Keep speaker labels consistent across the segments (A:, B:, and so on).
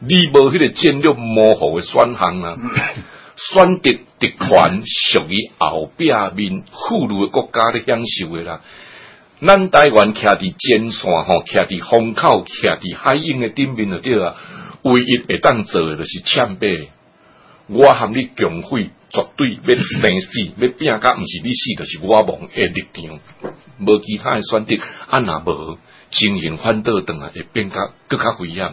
A: 你無迄個戰略模糊嘅選項啊選，選擇特權屬於後壁面富裕嘅國家咧享受嘅啦。咱台灣徛佇前線吼，徛佇風口，徛佇海鷹嘅頂面就對啊，唯一會當做的就是槍斃。我含你共匪絕對要死，要拼甲毋是你死，就是我亡嘅立場。無其他嘅選擇，阿若無經營反倒轉來會變甲更加危險。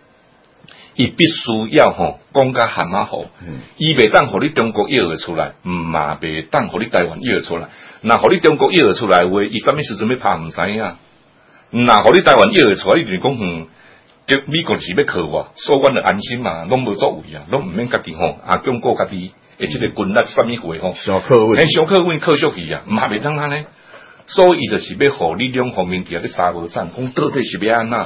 A: 伊必須要吼講甲咁啊好，伊未等互你中國邀會出來毋嘛未等互你台灣邀會出來。若互你，你中國邀會出來誒話，伊甚物時陣要拍毋知影。若互你台灣邀會出來你著講哼，叫美國是要靠我，所以就安心嘛，攏無做位啊，攏毋免家己吼，啊，中國家己而且個軍力是甚物鬼吼？小、嗯哦、客位，小客位客少啲啊，唔嘛未等安尼。所以著是要互你兩方面叫佢三波仗，講到底是要安怎。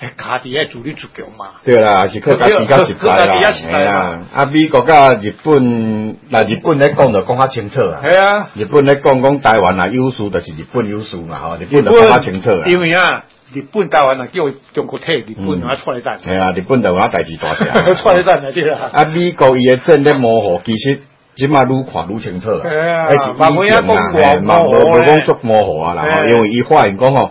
B: 哎、欸，卡地哎
C: 主力足球嘛，對啦，是國家比家實在啦，係啦。啊，美國甲日本，那日本咧講就講較清楚。啊。係啊，日本咧講講台灣啊，優勢，著是日本優勢嘛吼，日本就講較清楚。因為
B: 啊，
C: 日本台灣呐叫中國替日本出嚟戰。係啊，日本台灣呐代誌大。
D: 出嚟戰啊，對啦。啊，
C: 美國伊誒，真咧、嗯啊喔啊啊嗯啊、模糊，其實即碼愈看愈清楚。
D: 係啊，蠻會啊，模糊。冇誒，冇講
C: 足模糊啊啦吼，因為伊發言講吼。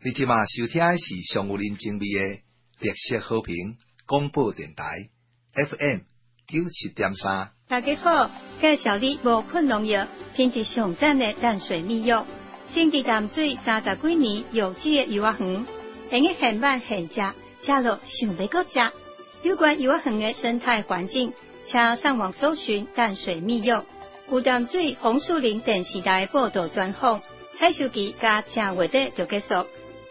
C: 你即馬收聽的是上有人情味嘅綠色和平廣播電台
A: FM FM90.3 九七點三。
E: 大家好，介紹你無噴農藥，品質上真嘅淡水蜜柚，種植淡水三十幾年有機嘅柚仔園，硬嘅很慢很食，加入想袂夠食。有關柚仔園嘅生態環境，請上網搜尋淡水蜜柚、有淡水紅樹林電視台報道專訪。開收機加正話的就結束。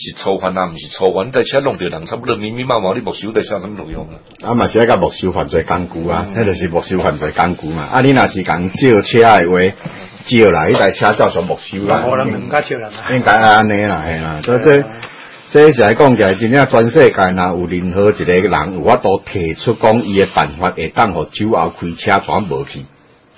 A: 是錯混啊，毋是錯混，台車弄着人，差不多密密麻麻，你目睭對車有乜用啊？
C: 啊嘛，是一家目睭犯罪工具啊？迄、嗯、度是目睭犯罪工具嘛？啊，你若是共借車的話，借來迄台車照屬目睭啊。我諗毋加借啦。嗯、應該安尼啦，係、嗯、啦，所以即即來講起來真正全世界嗱，有任何一個人，有法度提出講伊嘅辦法會當互酒後開車全無去。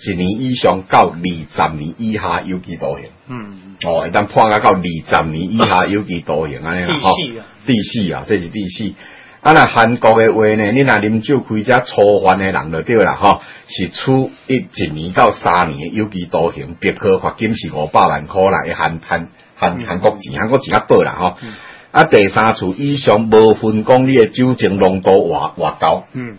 C: 一年以上到二十年以下有期徒刑？嗯，哦，但判下到二十年以下有期徒刑啊？安尼啊，第四啊，這是第四。啊，那韓國嘅話呢？你若啉酒開車，初犯嘅人著對啦，吼，是處一一年到三年的有期徒刑？別科罰金是五百萬箍啦，韓韓韓韓國錢，韓、嗯、國錢一筆啦，吼、哦嗯，啊，第三處以上無分講你嘅酒精濃度偌偌高。嗯。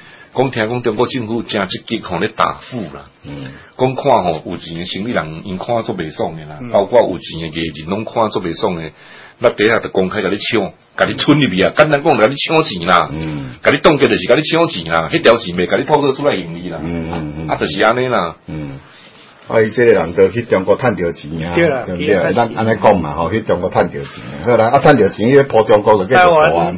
A: 講聽講，中國政府真積極互你答覆啦。嗯，講看吼、哦、有錢嘅生理人，因看做袂爽嘅啦、嗯，包括有錢嘅家人的，攏看做袂爽嘅。那底下就公開甲你搶，甲、嗯、你村入面啊，簡單講，甲你搶錢啦。嗯，甲你凍結就是甲你搶錢啦，迄、嗯、條錢咪甲你拋出出來用利啦。嗯嗯嗯，啊，就是安尼啦。嗯，所、哦、以這些、個、人就去中國趁條錢啊，對不
C: 對，對，對？咱安尼講嘛吼，去中國趁條錢。好啦，啊趁條錢，伊拋中國就繼續跑啊。